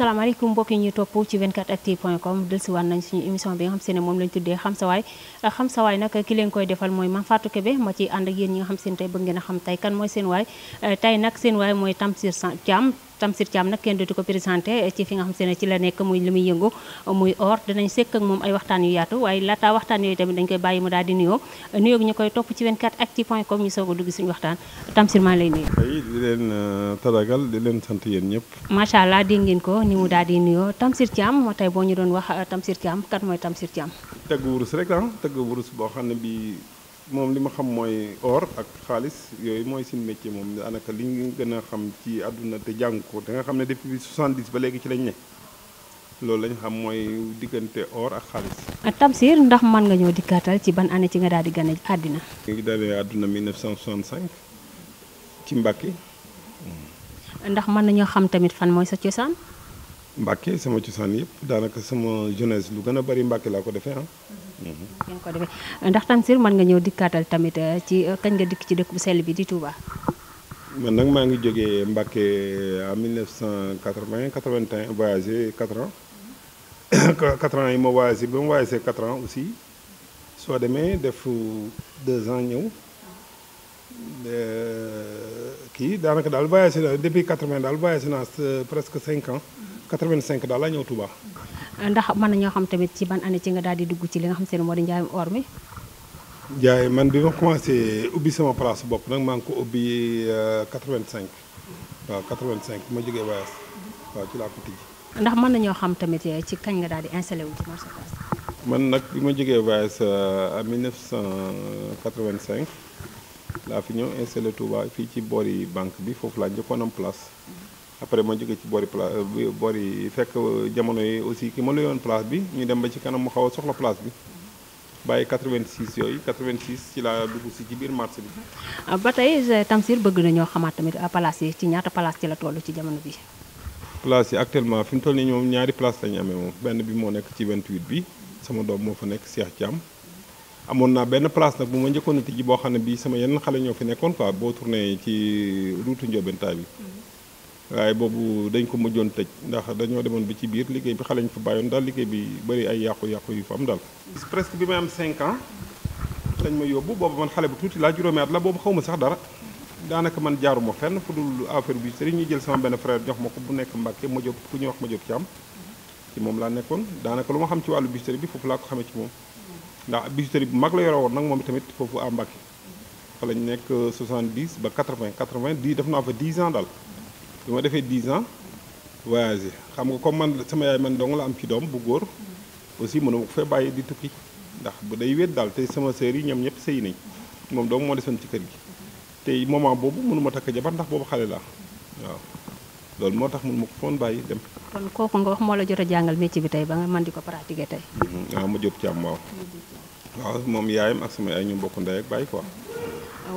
asalaamaaleykum mbokk yi ñuy topp ci 24actu point com dellusiwaat nañ suñu émission bi nga xam se moom lañ tuddee xam sa waay xam sa waay nag ki leen koy defal mooy Mame Fatou Kébé ma ci ànd ak yéen ñi nga xam seen tey bëgg ngeen a xam tey kan mooy seen waay tey nag seen waay mooy Tamsir Thiam Tamsir Thiam nag kenn dootu ko présenté ci fi nga xam se ne ci la nekk muy li muy yëngu muy or dinañ sekk ak moom ay waxtaan yu yaatu waaye laataa waxtaan yooyu tamit dañ koy bàyyi mu daal di nuyoo nuyoo gi ñu koy topp ci 24actu point com ñu soog a dugg waxtaan Tamsir maa lay nuyu. ay di leen euh, taragal di leen sant yéen ñëpp. macha allah dégg ngeen ko ni mu daal di nuyoo Tamsir Thiam moo tey boo ñu doon wax euh, Tamsir Thiam kat mooy Tamsir Thiam. tëgg wurus rek ah tëgg boo xam ne bii moom li ma xam mooy or ak xaalis yooyu mooy seen métier moom daanaka li ñu gën a xam ci àdduna te jàng ko da nga xam ne depuis 70 ba léegi ci lañ ne loolu lañ xam mooy diggante or ak xaalis. ah ndax mën nga ñëw dikkaatal ci ban année ci nga daal di gane àddina. ñu ngi dalee àdduna 1965 ci Mbacke. ndax mën nañoo xam tamit fan mooy sa cosaan. Mbacke sama cosaan yëpp daanaka sama jeunesse lu gën a bari Mbacke laa ko defee ah. ngeen ko defee ndax mën nga ñëw dikkaatal tamit euh, ci euh, kañ nga dikk ci dëkk bu sell bi di Touba. man nag maa ngi jógee Mbacke euh, en 1980 81 voyagé 4 ans 4 ans yi ma voyagé ba ma voyagé 4 ans aussi soo demee def 2 ans ñëw kii daanaka daal voyagé daal depuis 80 daal voyagé naa presque 5 ans 85 daal laa ñëw Touba. ndax mën nañoo xam tamit ci ban année ci nga daal di dugg ci li nga xam ne moo di njaayum or mi. jaay man bi ma commencé ubbi sama place bopp nag maa ngi ko ubbi 85 euh, waaw 85 ma jógee voyage waaw ci laa ko tijji. ndax mën nañoo xam tamit euh, ci kañ nga daal di installé wu ci marché Fass. man nag bi ma jógee voyage à euh, 1985 laa fi ñëw installé Touba fii ci boori banque bi foofu laa njëkkoon am place. après ma jóge ci boori place euh, boori fekk euh, jamono yi aussi ki ma yoon place bi ñu dem ba ci kanam mu xaw soxla place bi bàyyi 86 yooyu 86 ci laa dugg si ci biir marché bi. Ah, ba tey euh, Tamsir bëgg na ñoo tamit place yi ci ñaata place ci la toll ci jamono bi. place yi actuellement fi toll nii ñoom ñaari place la amee moom benn bi moo nekk ci 28 bi sama doom moo fa nekk Cheikh am amoon naa benn place nag bu ma njëkkoon a tijji boo xam ne bii sama yenn xale ñoo fi nekkoon quoi boo tourné ci route Ndiobène bi mm-hmm. waaye boobu dañ ko mujjoon tëj ndax dañoo demoon bi ci biir liggéey bi xale ñu fa bàyyoon daal liggéey bi bëri ay yàqu-yàqu yu fa am daal. presque bi may am 5 ans lañ ma yóbbu boobu man xale bu tuuti laa juróomi at la boobu xaw ma sax dara daanaka man jaaruma fenn fu dul affaire bi sëriñ ñu jël sama benn frère jox ma ko bu nekk Mbàkke ma jóg ku ñuy wax ma jóg am ci moom laa nekkoon daanaka lu ma xam ci wàllu bijouterie bi foofu laa ko xamee ci moom ndax bijouterie bu mag la yore woon nag moom tamit foofu à Mbàkke fa lañ nekk 70 ba 80 def naa fa 10 ans daal bi defee 10 ans voyagé xam nga ko man sama yaay man doom la am ci doom bu góor aussi mënuma ko fee bàyyi di tukki ndax bu day wéet daal te sama sœur yi ñoom ñëpp sëy nañ moom doom moo desoon ci kër gi te moment boobu mënuma takk jabar ndax boobu xale la waaw loolu moo tax mënuma ko foon bàyyi dem. kon kooku nga wax moo la jot a jàngal métier bi tey ba nga mën di ko pratiquer tey. waaw mm-hmm. ah, ma jóg ci am waaw. waaw moom yaayam ak sama yaay ñu bokku ndey ak bàyyi quoi.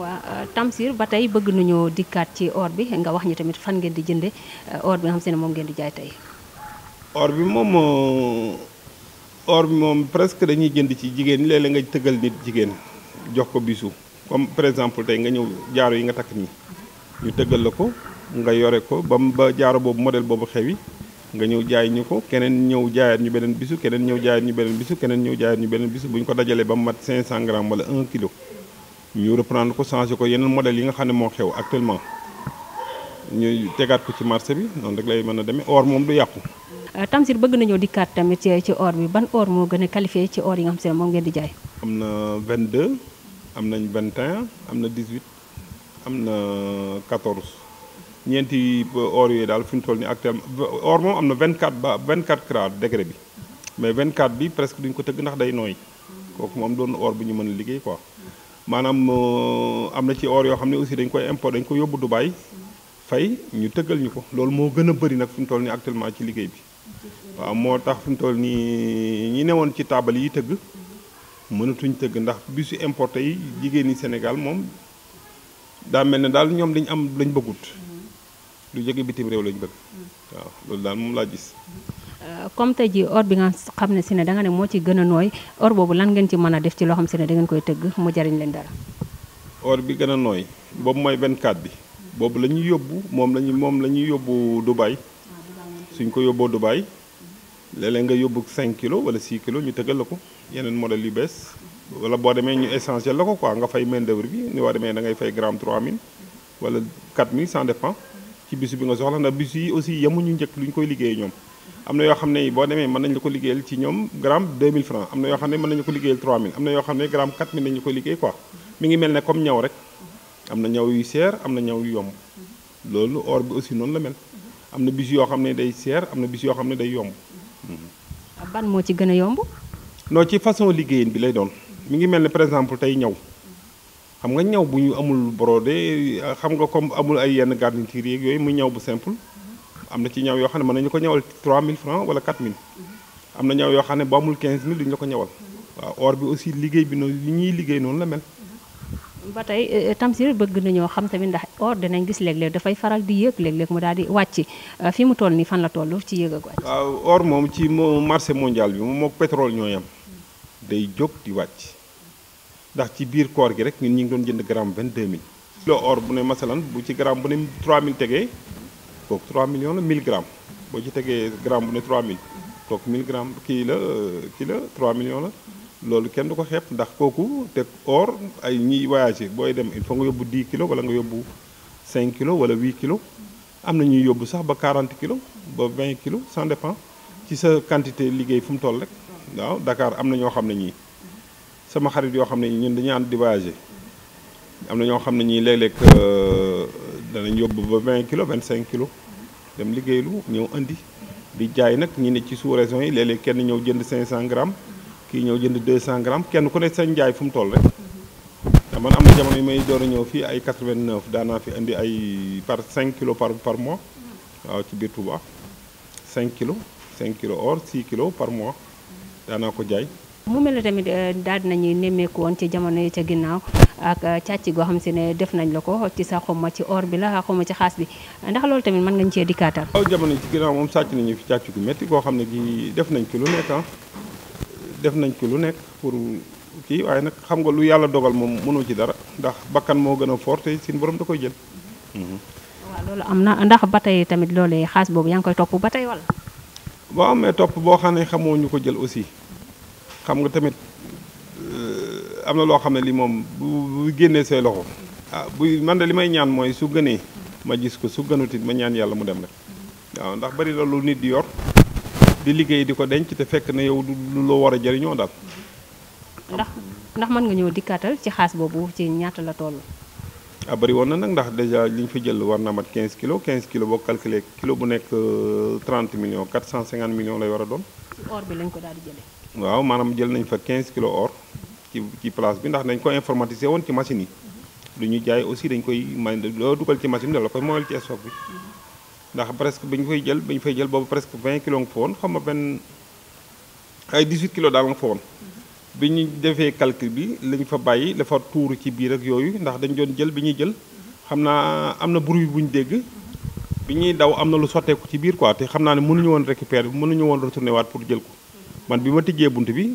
waaw euh, Tamsir ba tey bëgg nañoo dikkaat ci or bi nga wax ñi tamit fan ngeen di jënde euh, or bi nga xam se moom ngeen di jaay tey. or bi moom euh, or bi moom presque dañuy jënd ci jigéen ñi léeg-léeg nga tëggal nit jigéen jox ko bisu comme par exemple tey nga ñëw jaaro yi nga takk nii ñu tëggal la ko nga yore ko ba ba jaaro boobu modèle boobu xewi nga ñëw jaay ñu ko keneen ñëw jaayaat ñu beneen bisu keneen ñëw jaayaat ñu beneen bisu keneen ñëw jaayaat ñu beneen bisu bu ñu ko dajalee ba mu mat 500 grammes wala 1 kilo. ñu reprendre ko changé ko yeneen modèle yi nga xam ne moo xew actuellement ñu tegaat ko ci marché bi noonu rek lay mën a demee or moom du yàqu. Euh, Tamsir bëgg nañoo dikkaat tamit ci or bi ban or moo gën a qualifié ci or yi nga xam si ne moom ngeen di jaay. am na 22 am nañ 21 am na 18 am na 14 ñeenti or yooyu daal fu ñu toll ni actuellement or moom am na 24 ba vingt 24 grade degré bi mais 24 bi presque duñ ko tëgg ndax day nooy kooku moom doon or bu ñu mën a liggéey quoi. maanaam euh, am na ci or yoo xam ne aussi dañ koy import dañ ko yóbbu du Dubaï fay ñu tëggal ñu ko loolu moo gën a bari nag fi mu toll nii actuellement ci liggéey bi waaw moo tax fi mu toll nii ñi woon ci taabal yi tëgg mënatuñ tëgg ndax bisu importé yi jigéen ñi Sénégal moom daa mel ne daal ñoom liñ am lañ bëggut mm-hmm. lu jóge bitim réew lañ bëgg mm-hmm. waaw loolu daal moom laa gis mm-hmm. Euh, comme tey ji or bi nga xam ne si ne da ne moo ci gën a nooy or boobu lan ngeen ci mën a def ci loo xam si ne da ngeen koy tëgg mu jariñ leen dara or bi gën a nooy boobu mooy 24 bi boobu la ñuy yóbbu moom la ñu moom la ñuy yóbbu Dubaay suñ ko yóbboo Dubaay léeg-léeg nga yóbbu cinq kilo wala 6 kilos ñu tëggal la ko yeneen modèle yu bees wala boo demee ñu essentiel la ko quoi nga fay main d'œuvre bi ni waa demee da ngay fay gramme 3000 wala 4000 ça dépend ci bisu bi nga soxla ndax bisu yi aussi yemuñu njëkk lu ñu koy liggéey ñoom am na yoo xam ne boo demee mën nañu la ko liggéeyal ci ñoom gramme 2000 francs am na yoo xam ne mën nañu ko liggéeyal 3000 am na yoo xam ne gramme 4000 nañu ko liggéey quoi mi ngi mel ne comme ñaw rek am na ñaw yu seer am na ñaw yu yomb loolu or bi aussi noonu la mel am na bis yoo xam ne day seer am na bis yoo xam ne day yomb. Mm-hmm. ban moo ci gën a yomb. non ci façon liggéeyin bi lay doon mi ngi mel ne par exemple tey ñaw xam nga ñaw bu ñu amul brodé xam nga comme amul ay yenn garniture yeeg yooyu muy ñaw bu simple. am na ci ñaw yoo xam ne mën nañu ko ñawal 3000 francs wala 4000 am na ñaw yoo xam ne ba amul 15000 duñu la ko ñawal waaw or bi aussi liggéey bi noonu li ñuy liggéey noonu la mel. ba tey eh, eh, Tamsir bëgg nañoo xam tamit ndax or dinañ gis léeg-léeg dafay faral di yéeg léeg-léeg mu daal di wàcc euh, fi mu toll nii fan la toll ci yéeg ak wàcc. waaw or moom ci marché mondial bi moom mook pétrole ñoo yem day jóg di wàcc ndax ci biir koor gi rek ñun ñu ngi doon jënd gramme 22000. kilo or bu ne masalan bu ci gramme bu ne 3000 kooku 3 millions la 1000 grammes boo ci tegee gramme bu ne 3000 kooku 1000 grammes kii la euh, kii la 3 millions la loolu kenn du ko xep ndax kooku te or ay ñiy voyagé booy dem il faut nga yóbbu di kilos wala nga yóbbu cinq kilo wala 8 kilos am na ñuy yóbbu sax ba 40 kilos ba 20 kilos cent dépend ci sa quantité liggéey fu mu toll rek waaw dakaar am na ñoo xam ne ñii sama xarit yoo xam ne ñun dañu ànd di voyagé am na ñoo xam ne ñii léeg-léeg euh, danañ yóbbu ba 20 kilos cinq kilos dem liggéeylu ñëw indi di jaay nag ñi ne ci sous région yi léeg-léeg kenn ñëw jënd cent grammes kii ñëw jënd cent grammes kenn ku ne sañ jaay fu mu toll rek te am na jamono yi may door a ñëw fii ay 89 daana fi andi ay par 5 kilos par par mois waaw ci biir Touba 5 kilos cinq kilos or 6 kilos par mois daanaa ko jaay. mu mel ne tamit euh, daal dinañuy nemmeeku woon ci jamono yi ca ginnaaw ak euh, càcc goo xam si ne def nañ la ko ci sa ma ci or bi la xawma ci xaas bi ndax loolu tamit mën ngañ cee dikkaatal aw jamono ci ginnaaw moom sàcc nañu fi càcc gu métti koo xam ne gi def nañ ci lu nekk ah. def nañ ci lu nekk pour kii waaye xam nga lu yàlla dogal moom mënoo ci dara ndax bakkan moo gën a forte sin borom da koy jël mhm. waaw loolu am na ndax ba tey tamit loolu xaas boobu yaa ngi koy topp ba tey wala waaw mais topp boo xam ne xamoo ñu ko jël aussi xam nga tamit euh, am na loo xam ne li moom bu bu génnee say loxo ah buy man de li may ñaan mooy su gënee ma gis ko su gënut it ma ñaan yàlla mu dem rek waaw ndax bari la lu nit di yor di liggéey di ko denc te fekk na yow du loo war a jëriñoo daal. ndax ndax mën nga ñëw dikkaatal ci xaas boobu ci ñaata la toll. ah bari woon na nag ndax dèjà li ñu fi jël war na mat 15 kilos 15 kilos boo calculé kilo bu nekk 30 euh, millions 450 millions lay war a doon. lañ ko daal di jëlee. waaw maanaam jël nañ fa 15 kilo or ci ci place bi ndax dañ ko informatiser woon ci machine yi lu ñu jaay aussi dañ koy man loo dugal ci machine dala koy moyal ci stock bi ndax presque ba ñu fay jël ba fay jël boobu presque 20 kilos nga fa woon xam nga benn ay 18 kilos daal nga fa woon bi ñu defee calcul bi lañ fa bàyyi dafa tuuru ci biir rek yooyu ndax dañ doon jël bi ñuy jël xam naa am na bruit bu ñu dégg bi ñuy daw am na lu sotteeku ci biir quoi te xam naa ne mënuñu woon récupérer mënuñu woon pour jël ko man bi ma tijjee bunt bi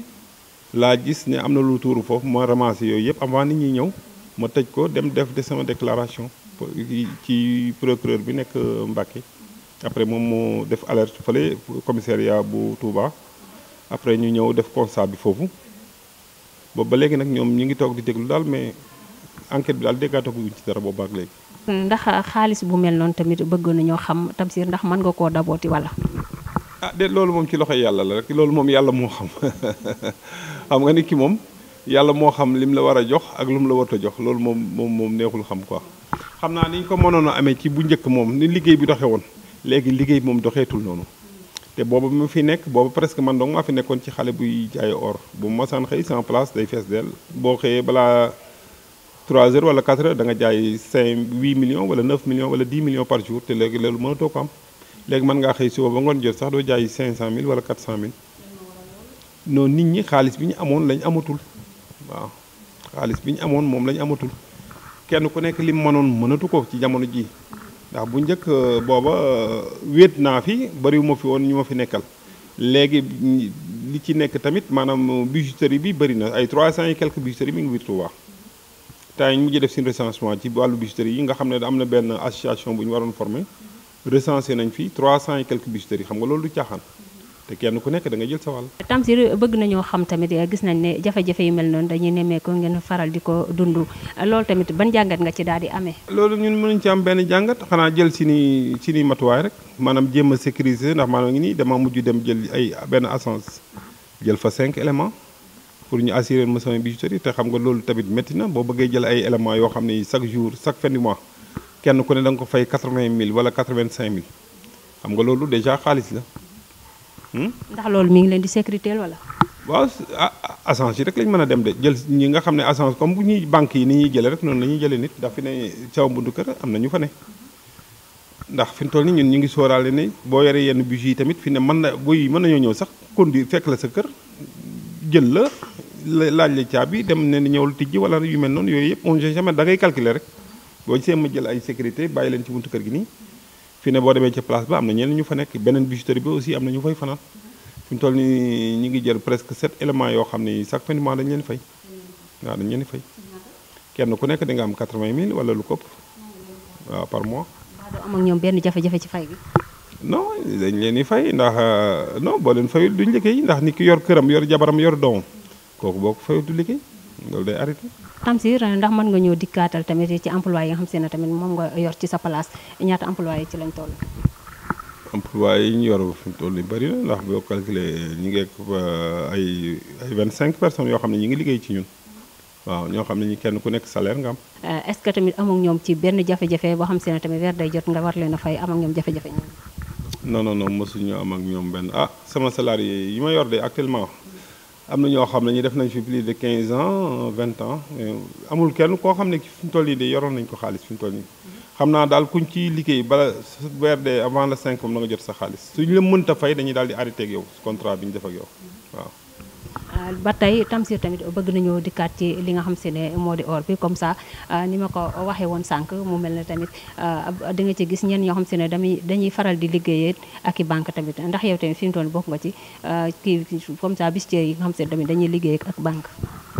laa gis ne am na lu tuuru foofu ma ramassé yooyu yëpp avant nit ñi ñëw ma tëj ko dem def de sama déclaration ci procureur bi nekk Mbacké après moom moo def alerte fële commissariat bu tuubaa après ñu ñëw def constat bi foofu boobu ba léegi nag ñoom ñu ngi toog di déglu daal mais enquête bi daal déggaataguñ ci dara boobu ak léegi. ndax xaalis bu mel noonu tamit bëgg nañoo xam Tamsir ndax mën nga koo dabooti wala. ah de loolu moom ci loxo yàlla la rek loolu moom yàlla moo xam xam nga ni ki moom yàlla moo xam lim la war a jox ak lu mu la warut a jox loolu moom moom moom neexul xam ko xam naa ni ñu ko mënoon a amee ci bu njëkk moom ni liggéey bi doxee woon léegi liggéey moom doxeetul noonu te booba mu fi nekk booba presque man dong maa fi nekkoon ci xale buy jaay or bu masaan xëy sans place day fees dell boo xëyee balaa 3 heures wala 4 heures da nga jaay 5 te léegi loolu mënatoo ko am. léegi mën ngaa xëy suba ba ngoon jot sax doo jaay cinq cent mille wala quatre cent mille non nit ñi xaalis bi ñu amoon lañ amatul waaw xaalis bi ñu amoon moom lañ amatul kenn ku nekk lim mënoon mënatu ko ci jamono ji ndax bu njëkk euh, booba euh, wéet naa fi bariwuma fi woon ñu ma fi nekkal léegi li ci nekk tamit maanaam bijouterie bi bari na ay trois cent et quelques bijouterie mi ngi biir Touba temps ñu mujj def seen recensement ci wàllu bijouterie yi nga xam ne am na benn association bu ñu waroon formé recensé nañ fi 300 et quelques bijouteries xam nga loolu du caaxaan te kenn ku nekk danga jël sa wàll. Tamsir bëgg nañoo xam tamit eh, gis nañ ne jafe-jafe yu mel noonu dañuy nemmeeku ngeen faral di ko dund loolu tamit ban jàngat nga ci daal di amee. loolu ñun mënuñ ci am benn jàngat xanaa jël si ni si ni matuwaay rek maanaam jéem a sécuriser ndax maanaam ngi nii dama mujj dem jël ay benn assence jël fa 5 éléments pour ñu assurer ma sama bijouterie te xam nga loolu tamit métti na boo bëggee jël ay éléments yoo xam ne chaque jour chaque fin du mois. kenn ku ne da nga ko fay quatre-vingt mille wala quatre-vingt-cinq mille xam nga loolu déjà xaalis la. Hmm? ndax loolu mi ngi leen di sécurité wala. waaw agence yi rek lañ mën a dem de jël ñi nga xam ne agence comme bu ñuy banque yi ni ñuy jëlee rek noonu lañuy ñuy jëlee nit ndax fi ne caw buntu kër am na ñu fa ne. ndax fi mu tool nii ñun ñu ngi sooraale ne boo yoree yenn budget yi tamit fi ne mën na buy mën nañoo ñëw sax conduire fekk la sa kër jël la laaj la caabi dem ne ñëwul tijji wala yu mel noonu yooyu on sait jamais da ngay calculer rek. boo gisee ma jël ay sécurité bàyyi leen ci buntu kër gi nii fii ne boo demee ca place ba am na ñeneen ñu fa nekk beneen bijouterie bi aussi am na ñu fay fanaan fi toll nii ñu ngi jël presque sept éléments yoo xam ni chaque fin de mois dañu leen fay waaw dañu leen kenn ku nekk da nga am quatre-vingt mille wala lu kopp waaw par mois. waaw am ak ñoom benn jafe-jafe ci fay bi. non dañ leen di fay ndax non boo leen fayul duñ liggéey ndax nit ki yor këram yor jabaram yor doomam kooku boo ko fayul du liggéey. loolu day arrêté. Tamsir ndax mën nga ñëw dikkaatal tamit ci emploi yi nga xam se ne tamit moom nga yor ci sa place ñaata emploi yi ci lañ toll. emploi yi ñu yor fi mu bëri na ndax boo calculer ñu euh, ay ay vingt cinq personnes yoo xam ne ñu ngi liggéey ci ñun. waaw ñoo xam ne ñi kenn ku nekk salaire nga am. Euh, est-ce que tamit am ak ñoom ci benn jafe-jafe boo xam se ne tamit weer jot nga war leen a fay am ak ñoom jafe-jafe. non non non mosuñu am ñoom benn ah sama salarié yi ma yor de actuellement am na ñoo xam ne ñu def nañ fi plus de quinze ans vingt ans amul kenn koo xam ne fi mu toll nii de yoroon nañ ko xaalis fi mu toll nii. xam naa daal kuñ ci liggéey bala weer dee avant le 5 moom na jot sa xaalis suñu la mënta fay dañuy daal di arrêté ak yow contrat bi ñu def ak yow waaw. ba tey Tamsir tamit bëgg nañoo dikkaat ci li nga xam si ne moo di or bi comme ça euh, ni ma ko waxee woon sànq mu mel ne tamit euh, di nga ci gis ñeen ñoo xam si ne dañuy dañuy faral di liggéeyee ak i banque tamit ndax yow tamit fi mu toll bokk nga ci euh, kii comme ça bistier yi nga xam si ne dañuy liggéey ak banque.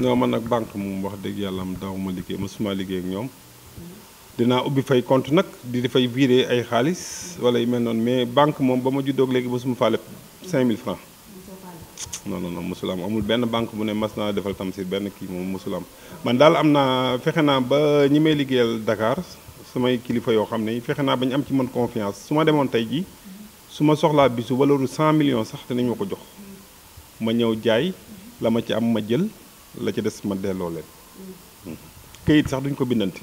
non man nag banque moom wax dëgg yàlla am daaw ma liggéey mosuma liggéey ak ñoom. dinaa ubbi fay compte nag di dafay viré ay xaalis wala yu mel noonu mais banque moom ba ma juddoog léegi ba suma faale 5000 non non non mosul am amul benn banque bu ne mas naa defal Tamsir benn kii moom mosul am man daal am naa fexe naa ba ñi may liggéeyal dakaar samay kilifa yoo xam ne yi fexe naa ba ñu am ci man confiance su ma demoon tey jii su ma soxlaa bisu valeuru 100 millions sax dinañ ma ko jox ma ñëw jaay la ma ci am ma jël la ci des ma delloo leen këyit sax duñ ko bindante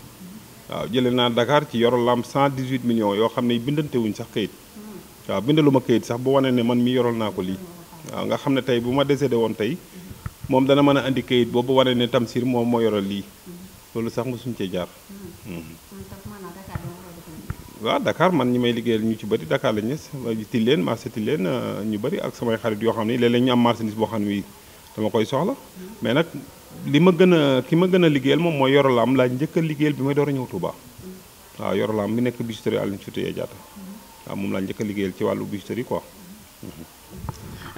waaw jëlee naa dakaar ci yoro lam 118 millions yoo xam ne bindante wuñ sax këyit waaw bindaluma këyit sax bu wane ne man mi yoral naa ko lii. waaw nga xam ne tey bu ma desee de woon tey moom dana mën a indi kayit boobu wane ne Tamsir moom moo yoral lii loolu sax suñ cee jaar. Mm-hmm. waaw dakaar man ñi may liggéeyal ñu ci bëri Dakar lañ ñes Tilène marché Tilène euh, ñu bari ak samay xarit yoo xam ne léeg-léeg ñu am marchandise boo xam ne dama koy soxla mm-hmm. mais nag li ma gën a ki ma gën a liggéeyal moom mooy Yoro Lam laa njëkk a liggéeyal bi may door a ñëw Touba mm-hmm. waaw Yoro Lam mi nekk bijouterie Aline Sitoé laa njëkk a ci wàllu bijouterie quoi.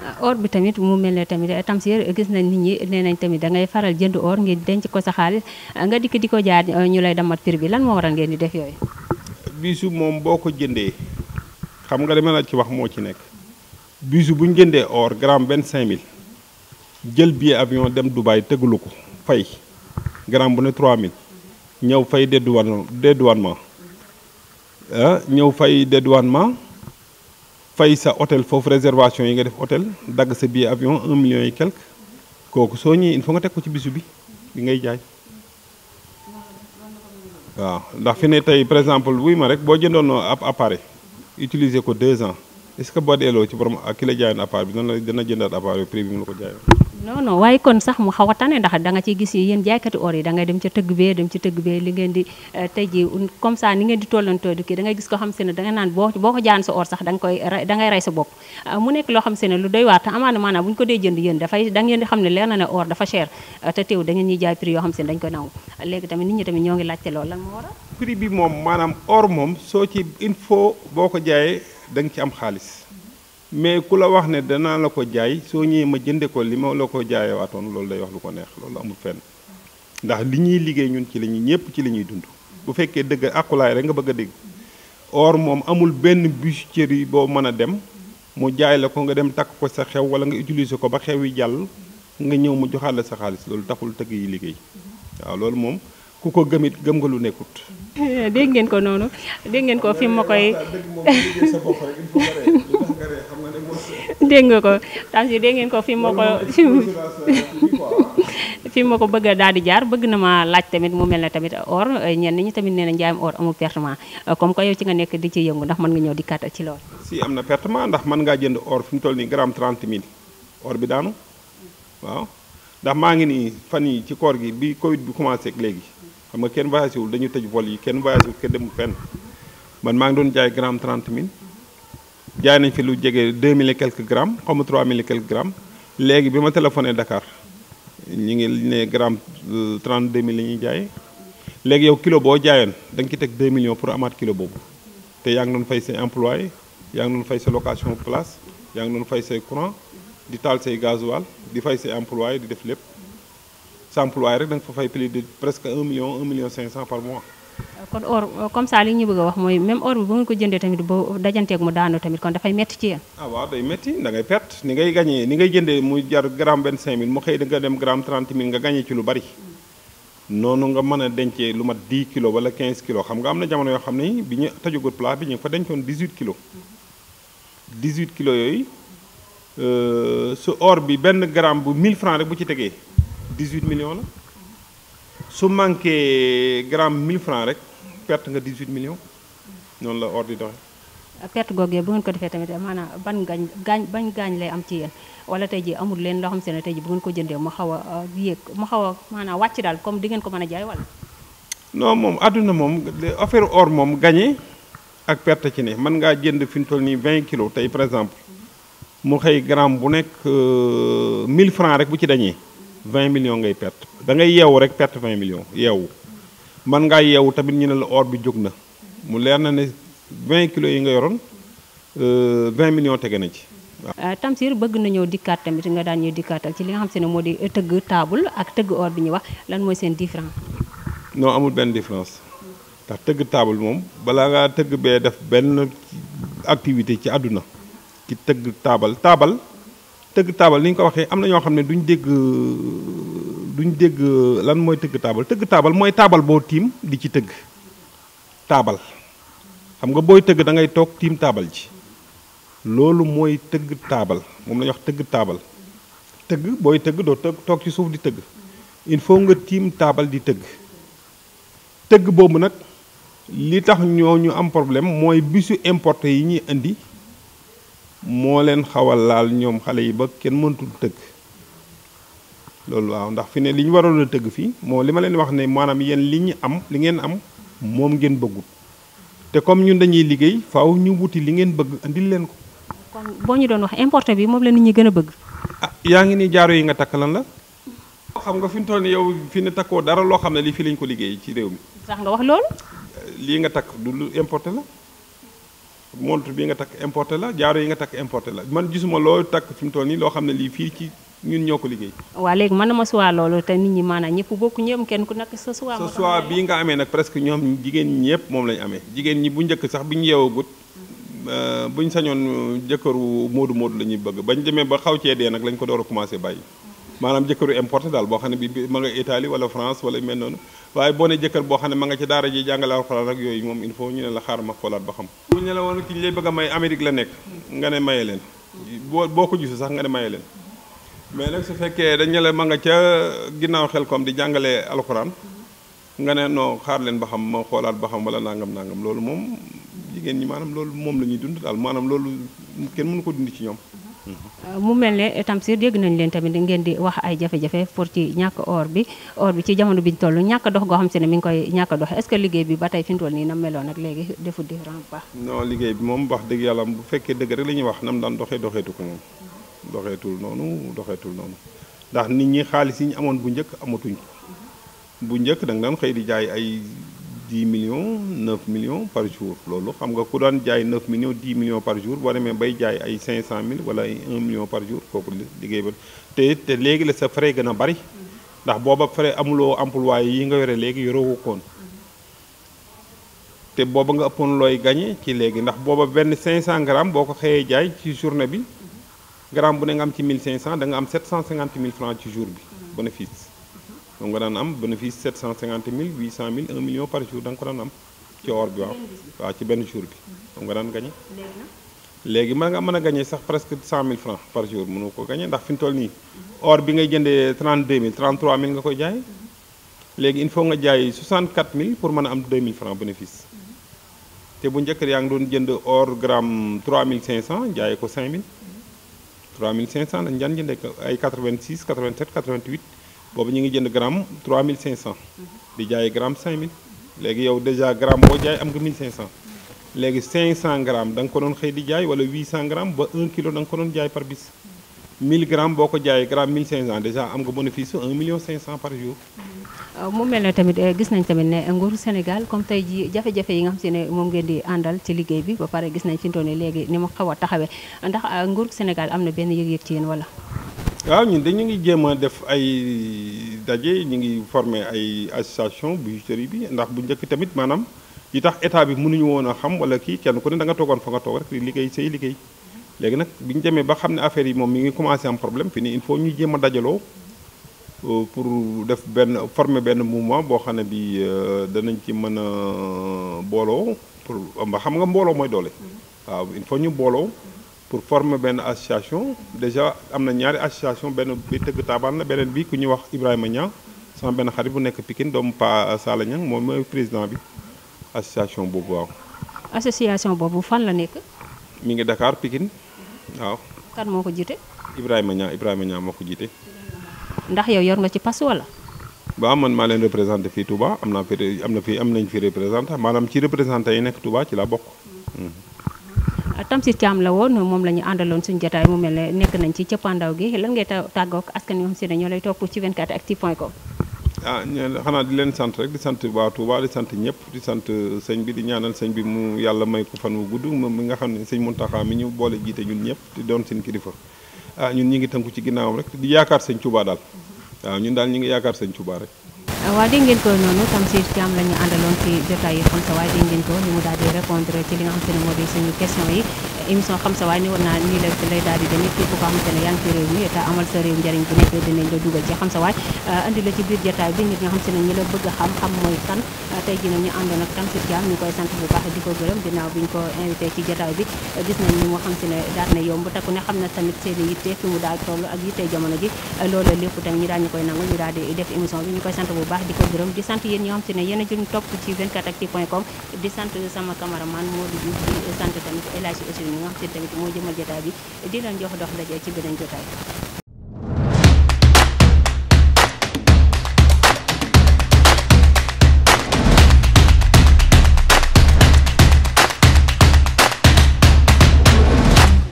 Ah, or bi tamit mu mel ne tamit eh, Tamsir eh, gis nañ nit ñi nee nañ tamit da ngay faral jënd or ngir denc ko sa xaalis ah, nga dikk di ko jaar eh, ñu lay damat prix bi lan moo waral ngeen di def yooyu. biisu moom boo ko jëndee xam nga li ma la ci wax moo ci nekk biisu bu ñu jëndee or gramme vingt cinq mille jël billet avion dem Dubaï tëggalu ko fay gramme bu ne trois mille ñëw fay dédouanement dédouanement ñëw fay dédouanement. fay sa hôtel foofu réservation yi nga def hôtel dagg sa billet avion un million et quelque kooku soo ñëwee il faut nga teg ko ci bisu bi bi ngay jaay waaw ndax fi ne tey par exemple wuy ma rek boo jëndoon ab appareil utiliser ko deux ans est-ce que boo delloo ci borom ak ki la jaayoon appareil bi dana dana jëndaat appareil bi mu la ko jaayoon non non waaye kon sax mu xaw a tane ndax da nga ciy gis yéen jaaykati or yi da ngay dem ca tëgg bee dem ci tëgg bee li ngeen di eh, tey ji comme ça ni ngeen di tollantoo di kii da ngay gis koo xam se ne nga naan boo boo ko jaan sa or sax da rey sa bopp eh, mu nekk loo xam se ne lu doy waar te amaana maanaam bu ñu ko dee jënd yéen dafay da ngeen di xam ne leer na ne or dafa cher eh, te teew da ngeen ñuy jaay prix yoo xam se dañ ko nangu léegi tamit nit ñi tamit ñoo ngi laajte loolu lan moo waral prix bi moom maanaam or moom soo il faut boo ko jaayee da ci am xaalis mais ku la wax ne danaa la ko jaay soo ñëwee ma jënde ko li ma la ko jaayewaatoon loolu day wax lu ko neex loolu amul fenn ndax li ñuy liggéey ñun ci la ñuy ñëpp ci la ñuy dund bu fekkee dëgg àqulaay rek nga bëgg a dégg or moom amul benn yi boo mën a dem mu jaay la ko nga dem takk ko sa xew wala nga utiliser ko ba xew yi jàll nga ñëw mu joxaat la sa xaalis loolu taxul tëgg yi liggéey waaw loolu moom ku ko gëmit gëm nga lu nekkut. dégg ngeen ko noonu dégg ko dégg nga ko Tange dégg ngeen ko fi ma ko fi ma ko bëgg daal di jaar bëgg na ma laaj tamit mu mel ne tamit or ñeen ñi tamit nee na njaayam or amul maa comme que yow ci nga nekk di ci yëngu ndax mën nga ñëw di kat ci lool si am na pertement ndax man ngaa jënd or fi mu toll nii gramme 30 mille or bi daanu waaw ndax maa ngi nii fan yi ci koor gi bi Covid bi commencé ak léegi xam nga kenn voyagé wul dañu tëj vol yi kenn voyagé wul kenn demul fenn man maa ngi doon jaay gramme mille jaay nañ fi lu jege deux mille et quelques grammes xaw ma trois mille et quelques léegi bi ma téléphoné Dakar ñu ngi ne gramme euh, trente deux mille la ñuy jaay léegi yow kilo boo jaayoon da nga ci teg deux pour amaat kilo boobu te yaa ngi doon fay say employé yaa ngi doon fay sa location place yaa ngi doon fay say courant di taal say gasoil di fay say employé di def lépp sa employé rek da nga fa fay plus de presque un million un million cent par mois. kon or comme ça li ñu bëgg a wax mooy même or bi bu ngeen ko jëndee tamit boo dajanteeg mu daanu tamit kon dafay métti ci yéen. ah waaw day métti da ngay perte ni ngay gagné ni ngay jëndee mu jar gramme 25000 mu xëy da nga dem gramme 30000 nga gagné ci lu bari. noonu nga mën a dencee lu mat 10 kilos wala 15 kilos xam nga am na jamono yoo xam ne bi ñu tëjagut place bi ñu fa dencoon 18 kilos. 18 kilos yooyu euh, su or bi benn gramme bu mille francs rek bu ci tegee 18 millions la. su manqué gramme 1000 francs rek perte nga 18 millions noonu la or di doxee. perte googee bu ngeen ko defee tamit maanaam ban gaañ gaañ bañ gaañ lay am ci yéen wala tey ji amul leen loo xam se tey ji bu ngeen ko jëndee mu xaw a euh, yéeg mu xaw a maanaam wàcc daal comme di ngeen ko mën a jaay wala. non moom àdduna moom affaire or moom gañee ak perte ci ne mën ngaa jënd fi mu toll nii 20 kilos tey par exemple mu xëy gramme bu nekk euh, mille francs rek bu ci dañee. vingt millions ngay perte dangay ngay yeewu rek perte 20 millions yeewu man ngaa yeewu tamit ñu ne la or bi jóg na mu leer na ne 20 kilos yi nga yoroon 20 euh, millions tege na ci. Euh, Tamsir bëgg nañoo dikkaat tamit nga daan ñuy dikkaatal ci li nga xam se ne moo di tëgg taabul ak tëgg or bi ñu wax lan mooy seen différence. noo amul benn différence ndax tëgg taabul moom balaa ngaa tëgg bee def benn activité ci àdduna ci tëgg taabal taabal. tëgg taabal ni ñu ko waxee am na ñoo xam ne duñ dégg duñ dégg lan mooy tëgg taabal tëgg taabal mooy taabal boo tiim di ci tëgg taabal xam nga booy tëgg da ngay toog tiim taabal ji loolu mooy tëgg taabal moom la wax tëgg taabal tëgg booy tëgg toog ci suuf di tëgg il faut nga tiim taabal di tëgg tëgg boobu nag li tax ñoo ñu am problème mooy bisu importe yi ñuy indi moo leen xawal laal ñoom xale yi ba kenn mëntul tëgg loolu waaw ndax fi ne li ñu waroon a tëgg fii moo li ma leen wax ne maanaam yéen li ñu am li ngeen am moom ngeen bëggut te comme ñun dañuy liggéey faw ñu wuti li ngeen bëgg indil leen ko. kon boo ñu doon wax importe bi moom la nit ñi gën a bëgg. ah yaa ngi ni jaaro yi nga takk lan la. xam nga fi mu toll yow fi ne takkoo dara loo xam ne lii fii lañ ko liggéey ci réew mi. sax nga wax loolu. lii nga takk du lu la. montre bii nga takk importe la jaaro yi nga takk importe la man gisuma loo takk fi mu toll nii loo xam ne lii fii ci ñun ñoo ko liggéey waaw léegi mën na ma suwaa loolu te nit ñi maanaam ñëpp bokk ñëm kenn ku nekk sa suwaa sa bii nga amee nag presque ñoom jigéen ñi ñëpp moom lañu amee jigéen ñi bu njëkk sax bi ñu yeewagut euh, bu ñu sañoon jëkkëru moodu moodu la ñuy bëgg bañ demee ba xaw cee dee nag lañ ko door a commencé bàyyi maanaam jëkkëru importé daal boo xam ne bi ma nga Italie wala France wala mel noonu waaye boo ne jëkkër boo xam ne ma nga ci daara ji jàngale alxuraan ak yooyu moom il faut ñu ne la xaar ma xoolaat ba xam a may la nekk nga ne maye leen boo boo ko gisu sax nga ne maye mais nag su fekkee dañu la ma nga ca ginnaaw xel comme di jàngalee alxuraan nga ne noo xaar leen ba xam ma xoolaat ba xam wala nangam nangam loolu moom jigéen ñi maanaam loolu moom la ñuy dund daal maanaam loolu kenn mënu ko dund ci ñoom Euh, mu mel ne Tamsir dégg nañ leen tamit ngeen di wax ay jafe-jafe pour ci ñàkk or bi or bi ci jamono biñ toll ñàkk dox goo si ne mi ngi koy ñàkk dox est liggéey bi ba tey fi nii na meloon ak léegi defu différent wax dëgg yàlla rek la ñuy wax nam daan doxee doxeetu ko moom doxeetul noonu doxeetul noonu ndax nit ñi xaalis yi ñu amoon bu njëkk amatuñ ko bu njëkk da nga daan xëy di jaay dix million neuf million par jour loolu xam nga ku daan jaay neuf millions dix millions par jour boo demee bay jaay ay cinq cent mille wala ay un million par jour kooku liggéey ba te te léegi la sa frais gën a bari ndax booba frais amuloo emploi yi nga yore léegi yoroo koon te booba nga ëppoon looy gañe ci léegi ndax booba benn cinq cent grammes boo ko xëyee jaay ci journée bi gramme bu ne nga am ci mille cinq cent danga am sept cent cinquante mille ci jour bi bénéfice moom nga daan am bénéfice 750 000 800 000 1 million par jour da nga ko daan am ci or bi waaw waaw ci benn jour bi moom nga daan gañe léegi mën nga mën a gañe sax presque 100 mille francs par jour mënu ko gañe ndax fi mu toll nii or bi ngay jëndee 32 000 33 000 nga koy jaay léegi il faut nga jaay 64 000 pour mën a am 2 000 francs bénéfice te bu njëkk yaa ngi doon jënd or gramme 3500 jaayee ko 5000 3500 dañu daan jëndee ay 86 87 boobu ñu ngi jënd gramme 3500. di jaay gramme 5000. léegi yow dèjà gramme boo jaay am nga 1500. léegi 500 grammes da nga ko doon xëy di jaay wala 800 grammes ba 1 kilo da nga ko doon jaay boo ko jaayee gramme 1500 dèjà am nga bénéfice su 1 million 500 par jour. Euh, mu mel ne tamit euh, gis nañ tamit ne nguuru Sénégal comme tey jii jafe yi nga xam si ne moom ngeen di àndal ci liggéey bi ba pare gis nañ ci ndooni léegi ni mu xaw a taxawee ndax euh, nguuru Sénégal am na benn yëg-yëg ci yéen wala. waaw ñun dañu ngi jéem a def ay daje ñu ngi forme ay association bijouterie bi ndax bu njëkk tamit maanaam yi tax état bi mënuñu woon a xam wala kii kenn ku ne da nga toogoon fa nga toog rek liggéey say liggéey léegi nag bi ñu demee ba xam ne affaire yi moom mi ngi commencé am problème fi ni il ñu jéem a dajaloo euh, pour def benn former benn mouvement boo xam ne bi euh, danañ ci mën a booloo pour mba xam nga mbooloo mooy doole mm-hmm. waaw il ñu booloo pour former benn association déjà am na ñaari association benn bi tëgg taabal na beneen bi ku ñuy wax Ibrahima Niang sama benn xarit bu nekk Pikine doomu Pa Sala Niang moom mooy président bi association boobu waaw. association boobu fan la nekk. mi ngi dakaar pikin waaw. kan moo ko jiite. Ibrahima Niang Ibrahima Niang moo ko jiite. ndax yow yor nga ci pass wala. waaw man maa leen représenté fi Touba am naa fi am na fi am nañ fi représentant maanaam ci représentant yi nekk Touba ci laa bokk. Hmm. Tamsir Thiam la woon moom la ñu àndaloon suñu jotaay mu mel ne nekk nañ ci cëppaandaw gi lan ngay tàggoo ak askan yoo xam si ne ñoo lay topp ci 24actu point com. Ah, di leen sant rek di sant waa Touba di sant ñëpp di sant sëñ bi di ñaanal sëñ bi mu yàlla may ko fan wu gudd moom mi nga xam ne mun Mountakha mi ñu boole jiite ñun ñëpp di doon seen kilifa ah ñun ñi ngi tënku ci ginnaawam rek di yaakaar sañ Touba daal waaw mm-hmm. ah, ñun daal ñu ngi yaakaar sëñ Touba rek Euh, waaw dégg ngeen ko noonu Tamsir Thiam la ñu àndaloon ci jotaay xam sa waaye dégg ngeen ko ni mu daal di répondre ci li nga xam te ne moo di suñu question yi émission xam sa waay ni woon naa nii la lay daal di demee képp koo xamante ne yaa ngi réew mi te amal sa réew njëriñ bu nekk dinañ la dugal ci xam sa euh, ci biir jotaay bi nit nga xam ñi a euh, bu baax di ko gërëm ginnaaw bi ñu ko invité ci jotaay bi euh, gis nañ ni mu xam se ne yomb te ne xam na tamit seen i yitte fi mu daal toll ak yitte jamono ji loolu lépp tamit ñu daal ñu koy nangu ñu daal def émission bi ñu koy sant bu baax di ko gërëm di sant yéen ñoo xam se ne yéen a jël topp ci point com di sant sama mi nga si tamit moo jëmal jotaay bi di leen jox dox daje ci beneen jotaay